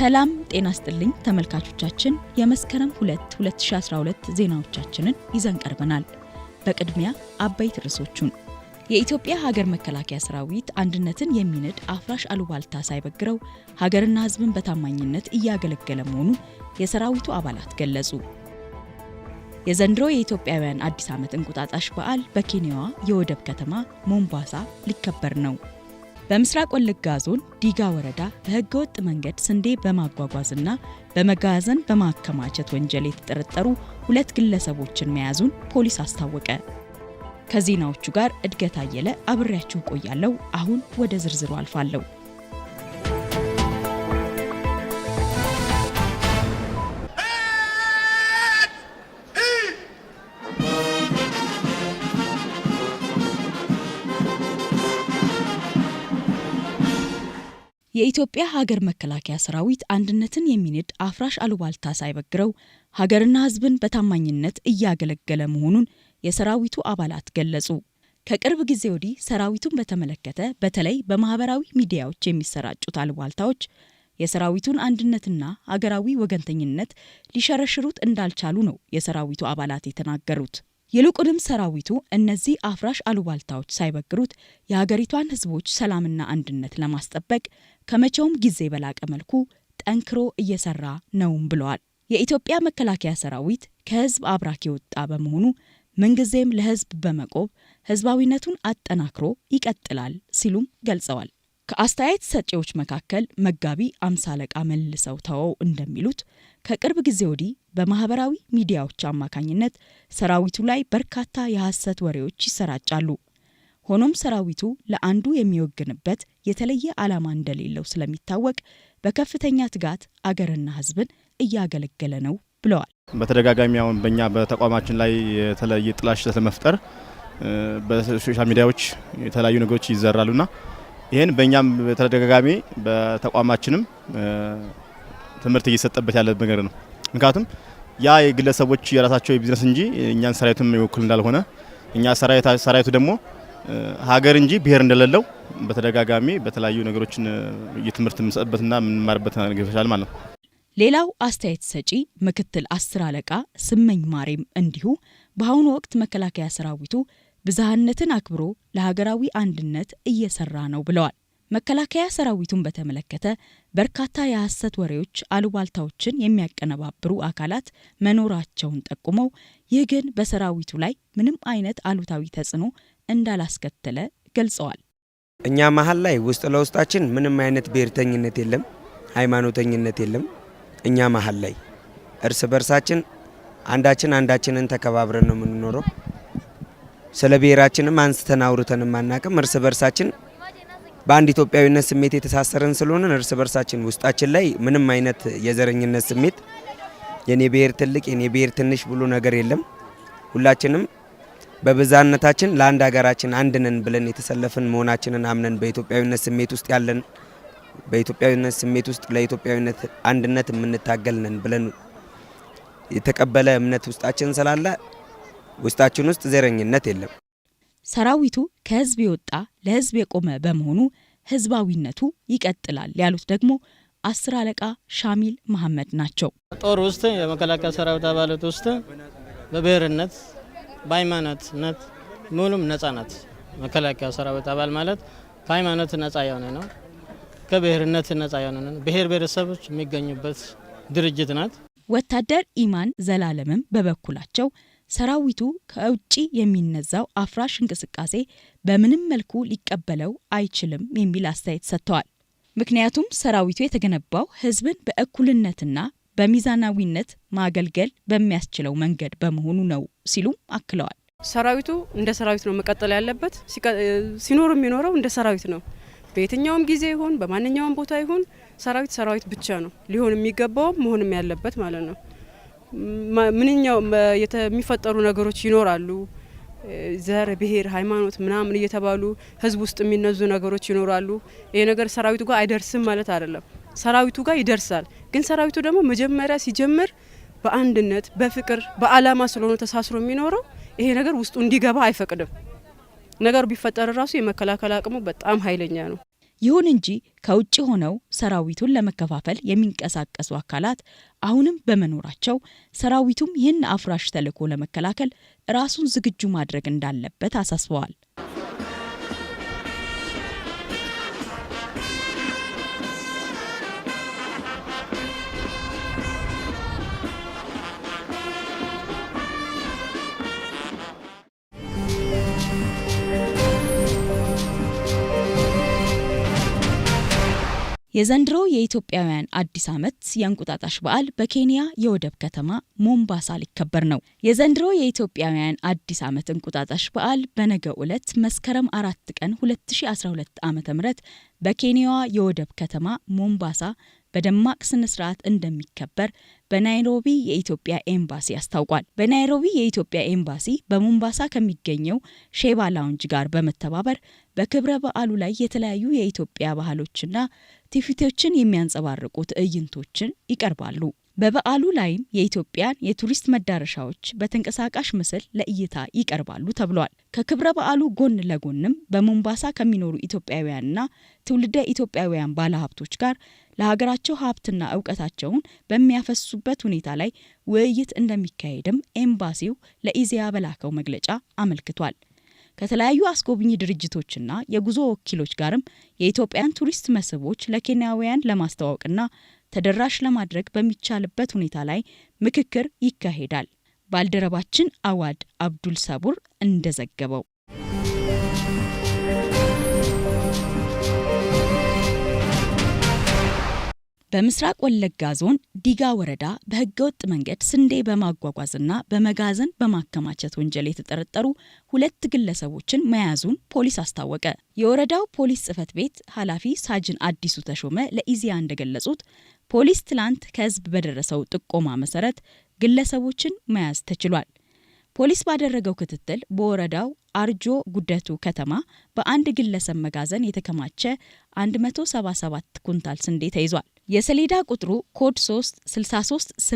ሰላም ጤና ስጥልኝ ተመልካቾቻችን፣ የመስከረም 2 2012 ዜናዎቻችንን ይዘን ቀርበናል። በቅድሚያ አበይት ርዕሶቹን የኢትዮጵያ ሀገር መከላከያ ሰራዊት አንድነትን የሚንድ አፍራሽ አሉባልታ ሳይበግረው ሀገርና ሕዝብን በታማኝነት እያገለገለ መሆኑ የሰራዊቱ አባላት ገለጹ። የዘንድሮ የኢትዮጵያውያን አዲስ ዓመት እንቁጣጣሽ በዓል በኬንያዋ የወደብ ከተማ ሞምባሳ ሊከበር ነው። በምስራቅ ወለጋ ዞን ዲጋ ወረዳ በህገወጥ መንገድ ስንዴ በማጓጓዝና በመጋዘን በማከማቸት ወንጀል የተጠረጠሩ ሁለት ግለሰቦችን መያዙን ፖሊስ አስታወቀ። ከዜናዎቹ ጋር እድገት አየለ አብሬያችሁ ቆያለሁ። አሁን ወደ ዝርዝሩ አልፋለሁ። የኢትዮጵያ ሀገር መከላከያ ሰራዊት አንድነትን የሚንድ አፍራሽ አሉባልታ ሳይበግረው ሀገርና ሕዝብን በታማኝነት እያገለገለ መሆኑን የሰራዊቱ አባላት ገለጹ። ከቅርብ ጊዜ ወዲህ ሰራዊቱን በተመለከተ በተለይ በማህበራዊ ሚዲያዎች የሚሰራጩት አሉባልታዎች የሰራዊቱን አንድነትና አገራዊ ወገንተኝነት ሊሸረሽሩት እንዳልቻሉ ነው የሰራዊቱ አባላት የተናገሩት። ይልቁንም ሰራዊቱ እነዚህ አፍራሽ አሉባልታዎች ሳይበግሩት የሀገሪቷን ህዝቦች ሰላምና አንድነት ለማስጠበቅ ከመቼውም ጊዜ በላቀ መልኩ ጠንክሮ እየሰራ ነውም ብለዋል። የኢትዮጵያ መከላከያ ሰራዊት ከህዝብ አብራክ የወጣ በመሆኑ ምንጊዜም ለህዝብ በመቆብ ህዝባዊነቱን አጠናክሮ ይቀጥላል ሲሉም ገልጸዋል። ከአስተያየት ሰጪዎች መካከል መጋቢ አምሳ አለቃ መልሰው ተወው እንደሚሉት ከቅርብ ጊዜ ወዲህ በማህበራዊ ሚዲያዎች አማካኝነት ሰራዊቱ ላይ በርካታ የሐሰት ወሬዎች ይሰራጫሉ። ሆኖም ሰራዊቱ ለአንዱ የሚወግንበት የተለየ ዓላማ እንደሌለው ስለሚታወቅ በከፍተኛ ትጋት አገርና ሕዝብን እያገለገለ ነው ብለዋል። በተደጋጋሚ አሁን በእኛ በተቋማችን ላይ የተለየ ጥላሸት ለመፍጠር በሶሻል ሚዲያዎች የተለያዩ ነገሮች ይዘራሉና ይህን በእኛም በተደጋጋሚ በተቋማችንም ትምህርት እየሰጠበት ያለ ነገር ነው። ምክንያቱም ያ የግለሰቦች የራሳቸው የቢዝነስ እንጂ እኛን ሰራዊቱም ይወክል እንዳልሆነ እኛ ሰራዊቱ ደግሞ ሀገር እንጂ ብሔር እንደሌለው በተደጋጋሚ በተለያዩ ነገሮችን የትምህርት የምንሰጥበትና የምንማርበት ገሻል ማለት ነው። ሌላው አስተያየት ሰጪ ምክትል አስር አለቃ ስመኝ ማሬም እንዲሁ በአሁኑ ወቅት መከላከያ ሰራዊቱ ብዝሃነትን አክብሮ ለሀገራዊ አንድነት እየሰራ ነው ብለዋል። መከላከያ ሰራዊቱን በተመለከተ በርካታ የሐሰት ወሬዎች፣ አሉባልታዎችን የሚያቀነባብሩ አካላት መኖራቸውን ጠቁመው ይህ ግን በሰራዊቱ ላይ ምንም አይነት አሉታዊ ተጽዕኖ እንዳላስከተለ ገልጸዋል። እኛ መሀል ላይ ውስጥ ለውስጣችን ምንም አይነት ብሔርተኝነት የለም፣ ሃይማኖተኝነት የለም። እኛ መሀል ላይ እርስ በርሳችን አንዳችን አንዳችንን ተከባብረን ነው የምንኖረው። ስለ ብሔራችንም አንስተን አውርተንም አናቅም። እርስ በርሳችን በአንድ ኢትዮጵያዊነት ስሜት የተሳሰረን ስለሆንን እርስ በርሳችን ውስጣችን ላይ ምንም አይነት የዘረኝነት ስሜት የኔ ብሔር ትልቅ የኔ ብሔር ትንሽ ብሎ ነገር የለም። ሁላችንም በብዛነታችን ለአንድ ሀገራችን አንድነን ብለን የተሰለፍን መሆናችንን አምነን በኢትዮጵያዊነት ስሜት ውስጥ ያለን በኢትዮጵያዊነት ስሜት ውስጥ ለኢትዮጵያዊነት አንድነት የምንታገልነን ብለን የተቀበለ እምነት ውስጣችን ስላለ ውስጣችን ውስጥ ዘረኝነት የለም። ሰራዊቱ ከህዝብ የወጣ ለህዝብ የቆመ በመሆኑ ህዝባዊነቱ ይቀጥላል ያሉት ደግሞ አስር አለቃ ሻሚል መሐመድ ናቸው። ጦር ውስጥ የመከላከያ ሰራዊት አባላት ውስጥ በብሔርነት በሃይማኖትነት ሙሉም ነጻ ናት። መከላከያ ሰራዊት አባል ማለት ከሃይማኖት ነጻ የሆነ ነው። ከብሔርነት ነጻ የሆነ ነው። ብሔር ብሔረሰቦች የሚገኙበት ድርጅት ናት። ወታደር ኢማን ዘላለምም በበኩላቸው ሰራዊቱ ከውጭ የሚነዛው አፍራሽ እንቅስቃሴ በምንም መልኩ ሊቀበለው አይችልም የሚል አስተያየት ሰጥተዋል። ምክንያቱም ሰራዊቱ የተገነባው ህዝብን በእኩልነትና በሚዛናዊነት ማገልገል በሚያስችለው መንገድ በመሆኑ ነው ሲሉም አክለዋል። ሰራዊቱ እንደ ሰራዊት ነው መቀጠል ያለበት። ሲኖር የሚኖረው እንደ ሰራዊት ነው። በየትኛውም ጊዜ ይሁን በማንኛውም ቦታ ይሁን ሰራዊት ሰራዊት ብቻ ነው ሊሆን የሚገባውም መሆንም ያለበት ማለት ነው። ምንኛው የሚፈጠሩ ነገሮች ይኖራሉ። ዘር፣ ብሔር፣ ሃይማኖት ምናምን እየተባሉ ህዝብ ውስጥ የሚነዙ ነገሮች ይኖራሉ። ይሄ ነገር ሰራዊቱ ጋር አይደርስም ማለት አይደለም። ሰራዊቱ ጋር ይደርሳል። ግን ሰራዊቱ ደግሞ መጀመሪያ ሲጀምር በአንድነት በፍቅር በዓላማ ስለሆነ ተሳስሮ የሚኖረው ይሄ ነገር ውስጡ እንዲገባ አይፈቅድም። ነገሩ ቢፈጠር ራሱ የመከላከል አቅሙ በጣም ኃይለኛ ነው። ይሁን እንጂ ከውጭ ሆነው ሰራዊቱን ለመከፋፈል የሚንቀሳቀሱ አካላት አሁንም በመኖራቸው ሰራዊቱም ይህን አፍራሽ ተልዕኮ ለመከላከል ራሱን ዝግጁ ማድረግ እንዳለበት አሳስበዋል። የዘንድሮ የኢትዮጵያውያን አዲስ ዓመት የእንቁጣጣሽ በዓል በኬንያ የወደብ ከተማ ሞምባሳ ሊከበር ነው። የዘንድሮ የኢትዮጵያውያን አዲስ ዓመት እንቁጣጣሽ በዓል በነገ ዕለት መስከረም አራት ቀን 2012 ዓ ም በኬንያዋ የወደብ ከተማ ሞምባሳ በደማቅ ስነ ስርዓት እንደሚከበር በናይሮቢ የኢትዮጵያ ኤምባሲ አስታውቋል። በናይሮቢ የኢትዮጵያ ኤምባሲ በሞምባሳ ከሚገኘው ሼባ ላውንጅ ጋር በመተባበር በክብረ በዓሉ ላይ የተለያዩ የኢትዮጵያ ባህሎችና ትውፊቶችን የሚያንጸባርቁ ትዕይንቶችን ይቀርባሉ። በበዓሉ ላይም የኢትዮጵያን የቱሪስት መዳረሻዎች በተንቀሳቃሽ ምስል ለእይታ ይቀርባሉ ተብሏል። ከክብረ በዓሉ ጎን ለጎንም በሞምባሳ ከሚኖሩ ኢትዮጵያውያንና ትውልደ ኢትዮጵያውያን ባለሀብቶች ጋር ለሀገራቸው ሀብትና እውቀታቸውን በሚያፈሱበት ሁኔታ ላይ ውይይት እንደሚካሄድም ኤምባሲው ለኢዜአ በላከው መግለጫ አመልክቷል። ከተለያዩ አስጎብኚ ድርጅቶችና የጉዞ ወኪሎች ጋርም የኢትዮጵያን ቱሪስት መስህቦች ለኬንያውያን ለማስተዋወቅና ተደራሽ ለማድረግ በሚቻልበት ሁኔታ ላይ ምክክር ይካሄዳል። ባልደረባችን አዋድ አብዱል ሰቡር እንደዘገበው በምስራቅ ወለጋ ዞን ዲጋ ወረዳ በህገወጥ መንገድ ስንዴ በማጓጓዝና በመጋዘን በማከማቸት ወንጀል የተጠረጠሩ ሁለት ግለሰቦችን መያዙን ፖሊስ አስታወቀ። የወረዳው ፖሊስ ጽፈት ቤት ኃላፊ ሳጅን አዲሱ ተሾመ ለኢዜአ እንደገለጹት ፖሊስ ትላንት ከህዝብ በደረሰው ጥቆማ መሰረት ግለሰቦችን መያዝ ተችሏል። ፖሊስ ባደረገው ክትትል በወረዳው አርጆ ጉደቱ ከተማ በአንድ ግለሰብ መጋዘን የተከማቸ 177 ኩንታል ስንዴ ተይዟል። የሰሌዳ ቁጥሩ ኮድ 3 63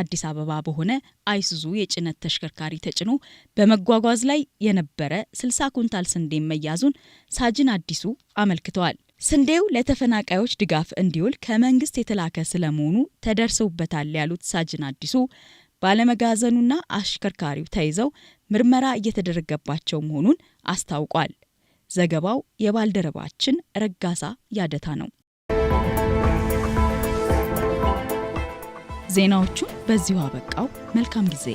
አዲስ አበባ በሆነ አይሱዙ የጭነት ተሽከርካሪ ተጭኖ በመጓጓዝ ላይ የነበረ 60 ኩንታል ስንዴ መያዙን ሳጅን አዲሱ አመልክተዋል። ስንዴው ለተፈናቃዮች ድጋፍ እንዲውል ከመንግስት የተላከ ስለመሆኑ ተደርሰውበታል ያሉት ሳጅን አዲሱ ባለመጋዘኑና አሽከርካሪው ተይዘው ምርመራ እየተደረገባቸው መሆኑን አስታውቋል። ዘገባው የባልደረባችን ረጋሳ ያደታ ነው። ዜናዎቹን በዚሁ አበቃው። መልካም ጊዜ